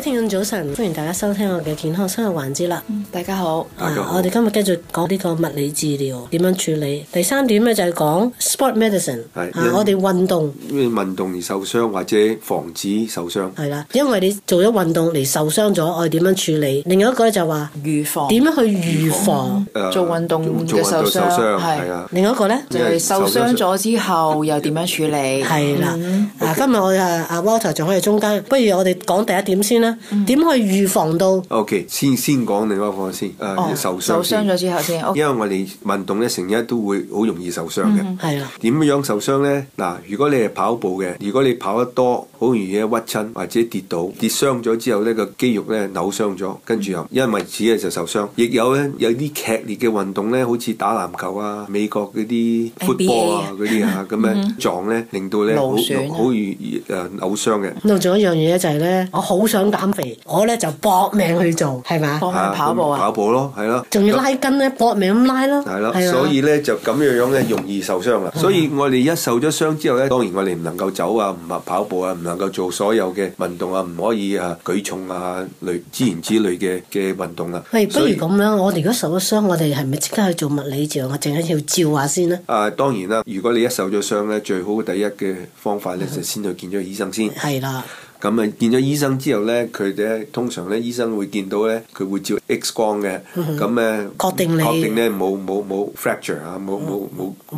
聽眾早晨，歡迎大家收聽我嘅健康生活環節啦。大家好，啊、我哋今日繼續講呢個物理治療點樣處理。第三點咧就係講 sport medicine，係、啊、我哋運動，因為運動而受傷或者防止受傷。係啦，因為你做咗運動嚟受傷咗，我哋點樣處理？另外一個就話預防，點樣去預防，預防、呃、做運動嘅受傷？係。另外一個咧就係、是、受傷咗之後 又點樣處理？係啦。Okay. 啊，今日我啊阿、uh, Walter 仲喺中間，不如我哋講第一點先啦。點去預防到？O、okay, K，先先講另外一個方、呃哦、先，受傷受傷咗之後先。Okay、因為我哋運動咧成日都會好容易受傷嘅。係、嗯、啦。點樣受傷咧？嗱，如果你係跑步嘅，如果你跑得多，好容易咧屈親或者跌倒跌傷咗之後咧，個肌肉咧扭傷咗，跟住又因為自己就受傷。亦有咧有啲劇烈嘅運動咧，好似打籃球啊、美國嗰啲闊波啊嗰啲啊，咁、啊啊嗯、樣撞咧令到咧好好容易誒、呃、扭傷嘅。咁仲有一樣嘢就係咧，我好想打減肥，我咧就搏命去做，係咪？搏命跑步啊！啊跑步咯，係咯。仲要拉筋咧，搏命咁拉咯。係咯，所以咧就咁樣樣咧，容易受傷啦，嗯。所以我哋一受咗傷之後咧，當然我哋唔能夠走啊，唔係跑步啊，唔能夠做所有嘅運動啊，唔可以啊舉重啊類自然之類之類嘅嘅運動啦。喂，不如咁樣，我哋如果受咗傷，我哋係咪即刻去做物理治療？我淨係要照下先咧？啊，當然啦。如果你一受咗傷咧，最好嘅第一嘅方法咧，就先去見咗醫生先。係啦。咁啊，見咗醫生之後咧，佢哋通常咧，醫生會見到咧，佢會照 X 光嘅，咁咧確定你確定咧冇冇冇 fracture 啊、哦，冇冇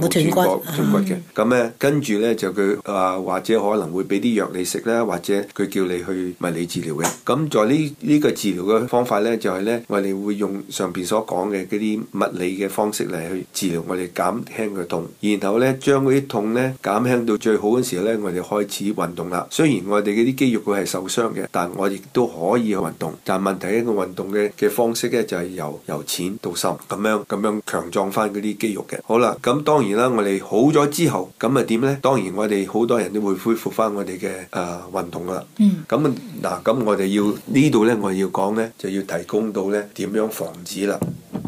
冇冇斷骨斷骨嘅，咁、嗯、咧跟住咧就佢啊，或者可能會俾啲藥你食啦，或者佢叫你去物理治療嘅。咁在呢呢、呢個治療嘅方法咧，就係、是、咧，我哋會用上邊所講嘅啲物理嘅方式嚟去治療我哋減輕佢痛，然後咧將嗰啲痛咧減輕到最好嘅時候咧，我哋開始運動啦。雖然我哋嗰啲肌肌肉佢係受傷嘅，但我亦都可以去運動，但問題一個運動嘅嘅方式咧，就係由由淺到深咁樣咁樣強壯翻嗰啲肌肉嘅。好啦，咁當然啦，我哋好咗之後，咁啊點呢？當然我哋好多人都會恢復翻我哋嘅誒運動啦。嗯，咁啊嗱，咁我哋要呢度呢，我哋要講呢，就要提供到呢點樣防止啦。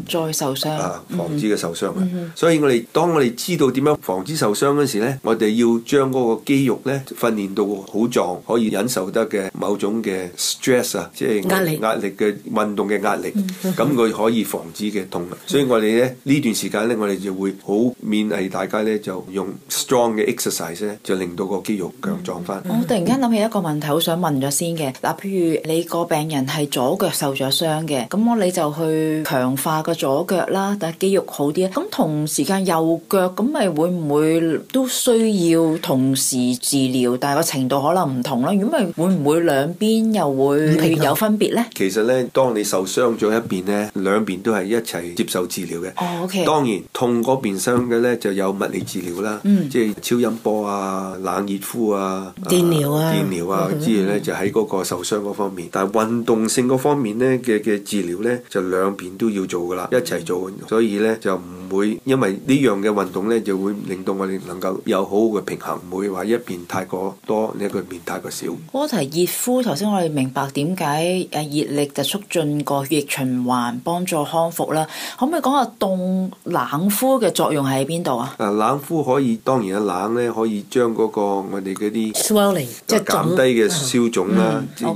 再受傷啊！防止嘅受傷啊、嗯！所以我哋當我哋知道點樣防止受傷嗰時咧，我哋要將嗰個肌肉咧訓練到好壯，可以忍受得嘅某種嘅 stress 啊，即係壓力，壓力嘅運動嘅壓力，咁佢、嗯、可以防止嘅痛。所以我哋咧，呢這段時間咧，我哋就會好勉勵大家咧，就用 strong 嘅 exercise 咧，就令到個肌肉強壯翻、嗯。我突然間諗起一個問題，好想問咗先嘅嗱，譬如你個病人係左腳受咗傷嘅，咁我你就去強化左腳啦，但係肌肉好啲啊。咁同時間右腳咁，咪會唔會都需要同時治療？但係個程度可能唔同啦。如果咪會唔會兩邊又會，譬如有分別呢？其實呢，當你受傷咗一邊呢，兩邊都係一齊接受治療嘅。哦、oh, okay. 當然痛嗰邊傷嘅呢就有物理治療啦、嗯，即係超音波啊、冷熱敷啊、電療啊、電療啊，療啊 之類呢就喺嗰個受傷嗰方面。 但係運動性嗰方面呢嘅嘅治療呢，就兩邊都要做噶啦。一齊做，所以咧就唔會因為這樣的運呢樣嘅運動咧，就會令到我哋能夠有好好嘅平衡，唔會話一邊太過多，呢一邊太過少。嗰提熱敷，頭先我哋明白點解誒熱力就促進個血液循環，幫助康復啦。可唔可以講下凍冷敷嘅作用喺邊度啊？誒，冷敷可以，當然啊冷咧可以將嗰個我哋嗰啲 swelling 即係減低嘅消腫啦，亦、嗯嗯、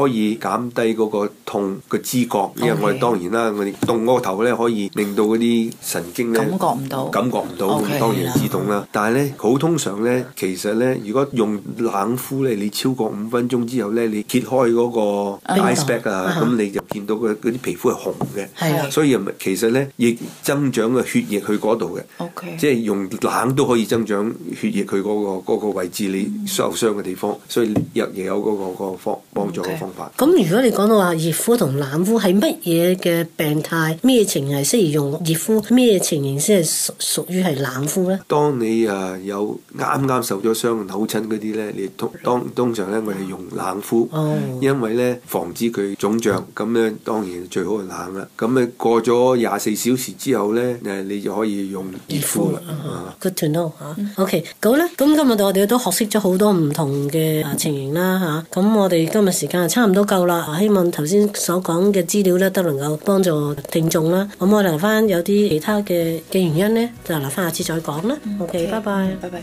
可以減低嗰個痛嘅知覺。因、okay. 為我哋當然啦，我哋凍嗰個頭咧可以令到嗰啲神感覺唔到，感覺唔到，咁、okay, 當然係自動啦。Yeah. 但係咧，好通常咧，其實咧，如果用冷敷咧，你超過五分鐘之後咧，你揭開嗰個 ice pack 啊，咁、嗯嗯嗯嗯、你就見到佢啲皮膚係紅嘅。係啊，所以其實咧，亦增長嘅血液去嗰度嘅。Okay. 即係用冷都可以增長血液去嗰、那個那個位置你受傷嘅地方。Yeah. 所以若係有嗰、那個方幫、那個那個、助嘅方法。咁、okay. 如果你講到話熱敷同冷敷係乜嘢嘅病態？咩情係適宜用熱敷？咩嘅情形先係屬屬於係冷敷咧。當你誒有啱啱受咗傷扭親嗰啲咧，你通，通常上咧我係用冷敷，oh. 因為咧防止佢腫脹。咁、oh. 咧當然最好係冷啦。咁你過咗廿四小時之後咧，誒你就可以用熱敷啦、啊啊。Good to know 嚇。OK，好啦，咁今日我哋都學識咗好多唔同嘅啊情形啦嚇。咁、嗯、我哋今日時間啊差唔多夠啦。希望頭先所講嘅資料咧都能夠幫助聽眾啦。咁我留翻有啲其他嘅嘅原因咧，就留翻下次再講啦。OK，拜拜，拜拜。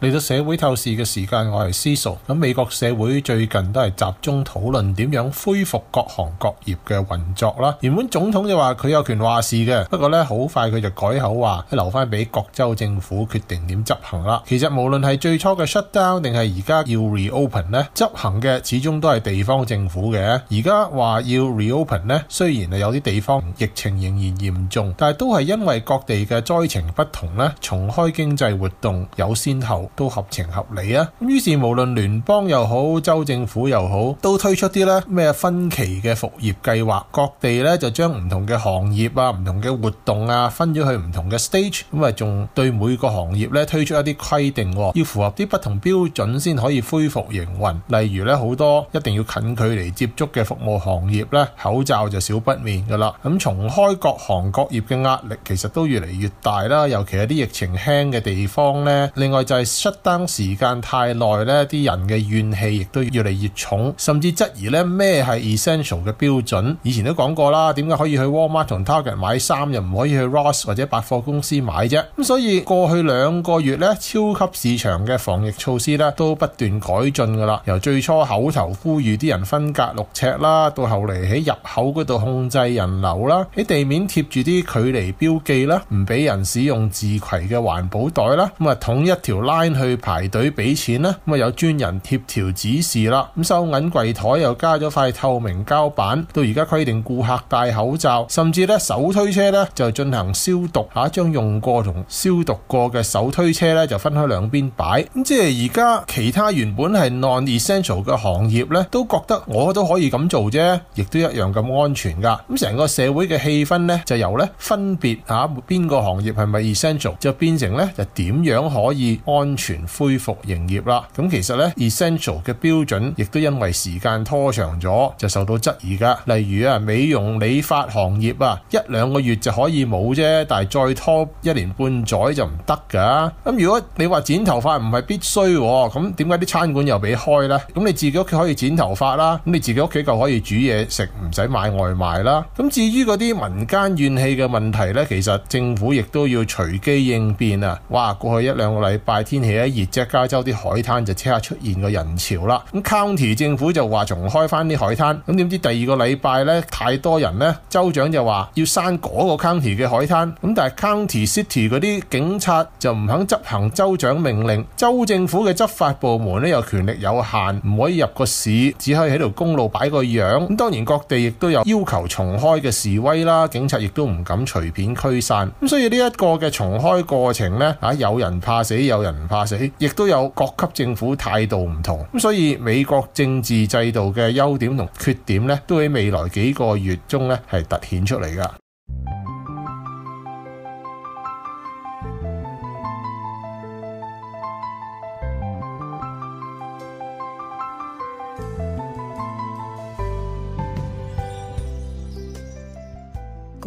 嚟到社會透視嘅時間，我係思素咁。美國社會最近都係集中討論點樣恢復各行各業嘅運作啦。原本總統就話佢有權話事嘅，不過咧，好快佢就改口話留翻俾各州政府決定點執行啦。其實無論係最初嘅 shut down 定係而家要 reopen 呢，執行嘅始終都係地方政府嘅。而家話要 reopen 呢，雖然係有啲地方疫情仍然嚴重，但係都係因為各地嘅災情不同啦，重開經濟活動有先後。都合情合理啊！於是無論聯邦又好，州政府又好，都推出啲咧咩分期嘅復業計劃，各地咧就將唔同嘅行業啊、唔同嘅活動啊分咗去唔同嘅 stage。咁啊，仲對每個行業咧推出一啲規定，要符合啲不同標準先可以恢復營運。例如咧，好多一定要近距離接觸嘅服務行業咧，口罩就少不免噶啦。咁重開各行各業嘅壓力其實都越嚟越大啦。尤其係啲疫情輕嘅地方咧，另外就係、是。出單時間太耐咧，啲人嘅怨氣亦都越嚟越重，甚至質疑咧咩係 essential 嘅標準。以前都講過啦，點解可以去 Walmart 同 Target 買衫，又唔可以去 Ross 或者百貨公司買啫？咁所以過去兩個月咧，超級市場嘅防疫措施咧都不斷改進㗎啦。由最初口頭呼籲啲人分隔六尺啦，到後嚟喺入口嗰度控制人流啦，喺地面貼住啲距離標記啦，唔俾人使用自攜嘅環保袋啦，咁啊統一條 line，去排隊俾錢啦，咁啊有專人貼條指示啦，咁收銀櫃檯又加咗塊透明膠板，到而家規定顧客戴口罩，甚至咧手推車咧就進行消毒吓，將用過同消毒過嘅手推車咧就分開兩邊擺，咁即係而家其他原本係 non-essential 嘅行業咧，都覺得我都可以咁做啫，亦都一樣咁安全㗎，咁成個社會嘅氣氛，咧就由咧分別吓邊個行業係咪 essential，就變成咧就點樣可以安。全恢復營業啦，咁其實咧 essential 嘅標準亦都因為時間拖長咗，就受到質疑噶。例如啊，美容理髮行業啊，一兩個月就可以冇啫，但係再拖一年半載就唔得噶。咁如果你話剪頭髮唔係必須，咁點解啲餐館又俾開呢？咁你自己屋企可以剪頭髮啦，咁你自己屋企就可以煮嘢食，唔使買外賣啦。咁至於嗰啲民間怨氣嘅問題呢，其實政府亦都要隨機應變啊。哇，過去一兩個禮拜天而且熱啫，加州啲海灘就即刻出現個人潮啦。咁 county 政府就話重開翻啲海灘，咁點知第二個禮拜呢，太多人呢，州長就話要關嗰個 county 嘅海灘。咁但係 county city 嗰啲警察就唔肯執行州長命令。州政府嘅執法部門呢，又權力有限，唔可以入個市，只可以喺條公路擺個樣。咁當然各地亦都有要求重開嘅示威啦，警察亦都唔敢隨便驅散。咁所以呢一個嘅重開過程呢，啊有人怕死，有人怕死，亦都有各級政府態度唔同，咁所以美國政治制度嘅優點同缺點咧，都喺未來幾個月中咧係突顯出嚟噶。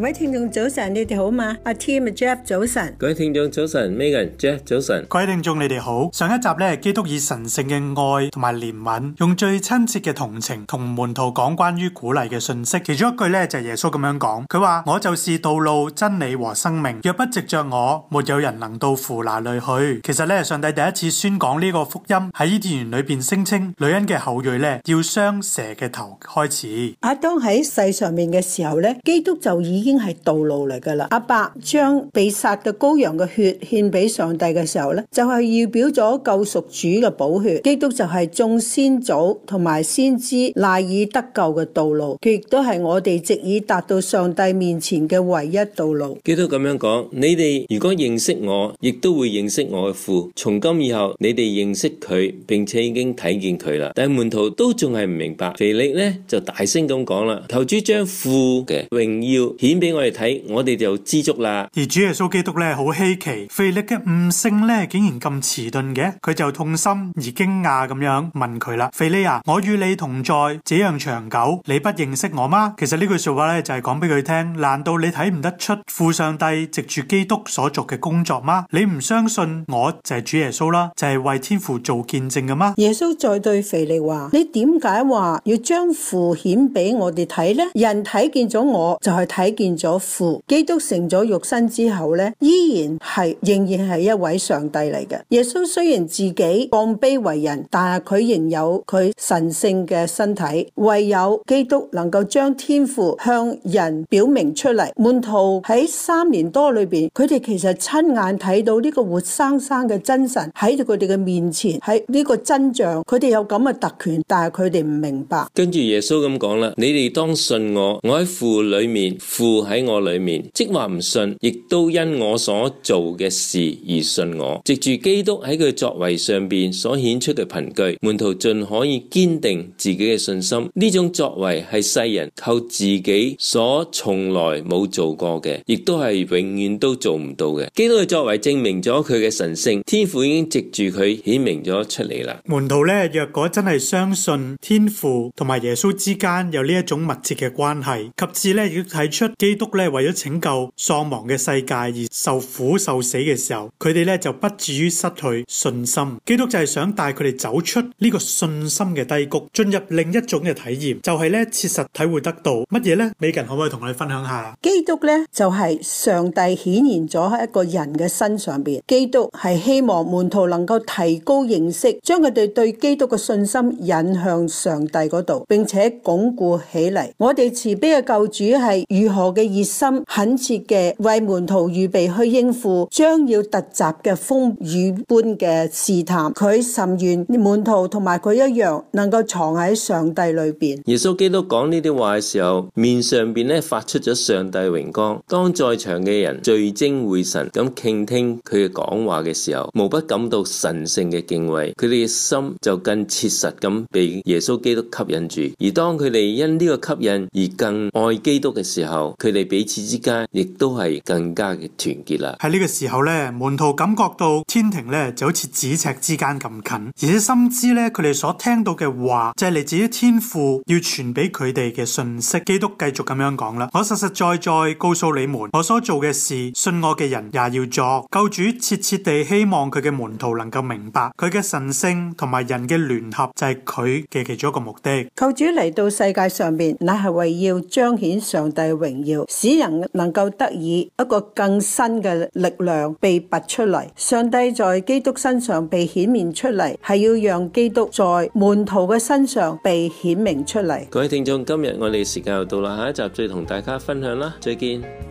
各位聽眾早晨，你哋好嗎？阿 Tim 阿 Jeff 早晨。各位聽眾早晨，咩人 Jeff 早晨。各位聽眾你哋好。上一集咧，基督以神聖嘅愛同埋憐憫，用最親切嘅同情，同門徒講關於鼓勵嘅信息。其中一句咧就係耶穌咁樣講，佢話：我就是道路、真理和生命，若不藉著我，沒有人能到父那裏去。其實咧，上帝第一次宣講呢個福音喺伊甸園裏邊聲稱，女人嘅後裔咧要傷蛇嘅頭開始。阿當喺世上面嘅時候咧，基督就已經。已經係道路嚟噶啦，阿伯將被殺嘅羔羊嘅血獻俾上帝嘅時候咧，就係預表咗救贖主嘅寶血。基督就係眾先祖同埋先知賴以得救嘅道路，佢亦都係我哋藉以達到上帝面前嘅唯一道路。基督咁樣講：，你哋如果認識我，亦都會認識我嘅父。從今以後，你哋認識佢，並且已經睇見佢啦。但係門徒都仲係唔明白。腓力咧就大聲咁講啦：，求主將父嘅榮耀顯。點俾我哋睇，我哋就知足啦。而主耶穌基督咧，好稀奇，腓力嘅悟性咧，竟然咁遲鈍嘅，佢就痛心而驚訝咁樣問佢啦：，腓力啊，我與你同在這樣長久，你不認識我嗎？其實呢句說話咧，就係講俾佢聽，難道你睇唔得出父上帝藉住基督所作嘅工作嗎？你唔相信我就係主耶穌啦，就係為天父做見證嘅嗎？耶穌再對腓力話：，你點解話要將父顯俾我哋睇呢？人睇見咗我，就係睇。變咗父，基督成咗肉身之後咧，依然係仍然係一位上帝嚟嘅。耶穌雖然自己降卑為人，但係佢仍有佢神聖嘅身體。唯有基督能夠將天父向人表明出嚟。門徒喺三年多裏邊，佢哋其實親眼睇到呢個活生生嘅真神喺佢哋嘅面前，喺呢個真相，佢哋有咁嘅特權，但係佢哋唔明白。跟住耶穌咁講啦，你哋當信我，我喺父裏面父。喺我裏面，即話唔信，亦都因我所做嘅事而信我。藉住，基督喺佢作為上邊所顯出嘅憑據，門徒盡可以堅定自己嘅信心。呢種作為係世人靠自己所從來冇做過嘅，亦都係永遠都做唔到嘅。基督嘅作為證明咗佢嘅神聖，天父已經藉住佢顯明咗出嚟啦。門徒咧，若果真係相信天父同埋耶穌之間有呢一種密切嘅關係，及至咧要睇出。基督咧為咗拯救喪亡嘅世界而受苦受死嘅時候，佢哋咧就不至於失去信心。基督就係想帶佢哋走出呢個信心嘅低谷，進入另一種嘅體驗，就係咧切實體會得到乜嘢咧？美琴可唔可以同我哋分享下？基督咧就係上帝顯現咗喺一個人嘅身上邊。基督係希望門徒能夠提高認識，將佢哋對基督嘅信心引向上帝嗰度，並且鞏固起嚟。我哋慈悲嘅救主係如何？嘅熱心，懇切嘅為門徒預備去應付將要突襲嘅風雨般嘅試探，佢甚願門徒同埋佢一樣，能夠藏喺上帝裏邊。耶穌基督講呢啲話嘅時候，面上邊咧發出咗上帝榮光。當在場嘅人聚精會神咁傾聽佢嘅講話嘅時候，無不感到神聖嘅敬畏。佢哋嘅心就更切實咁被耶穌基督吸引住。而當佢哋因呢個吸引而更愛基督嘅時候，佢哋彼此之間亦都係更加嘅團結啦。喺呢個時候咧，門徒感覺到天庭咧就好似咫尺之間咁近，而且深知咧佢哋所聽到嘅話就係嚟自於天父要傳俾佢哋嘅信息。基督繼續咁樣講啦，「我實實在在告訴你們，我所做嘅事，信我嘅人也要做。」救主切切地希望佢嘅門徒能夠明白佢嘅神聖同埋人嘅聯合就係佢嘅其中一個目的。救主嚟到世界上邊，乃係為要彰顯上帝的榮耀。使人能夠得以一個更新嘅力量被拔出嚟，上帝在基督身上被顯明出嚟，係要讓基督在門徒嘅身上被顯明出嚟。各位聽眾，今日我哋嘅時間又到啦，下一集再同大家分享啦，再見。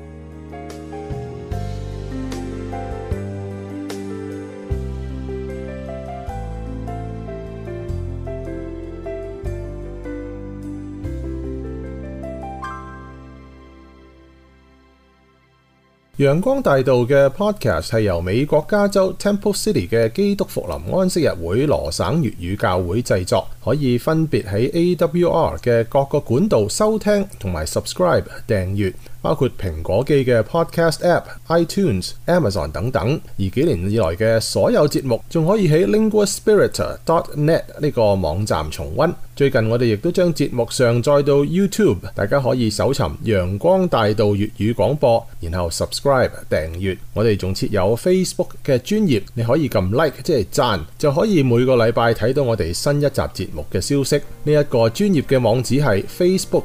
陽光大道嘅 podcast 係由美國加州 Temple City 嘅基督復臨安息日會羅省粵語教會製作，可以分別喺 AWR 嘅各個管道收聽同埋 subscribe 訂閱。訂閱包括蘋果機嘅 Podcast App、iTunes、Amazon 等等，而幾年以來嘅所有節目仲可以喺 linguaspirit.net 呢個網站重温。最近我哋亦都將節目上載到 YouTube，大家可以搜尋《陽光大道粵語廣播》，然後 subscribe 訂閱。我哋仲設有 Facebook 嘅專頁，你可以撳 like 即係讚，就可以每個禮拜睇到我哋新一集節目嘅消息。呢一個專頁嘅網址係 Facebook。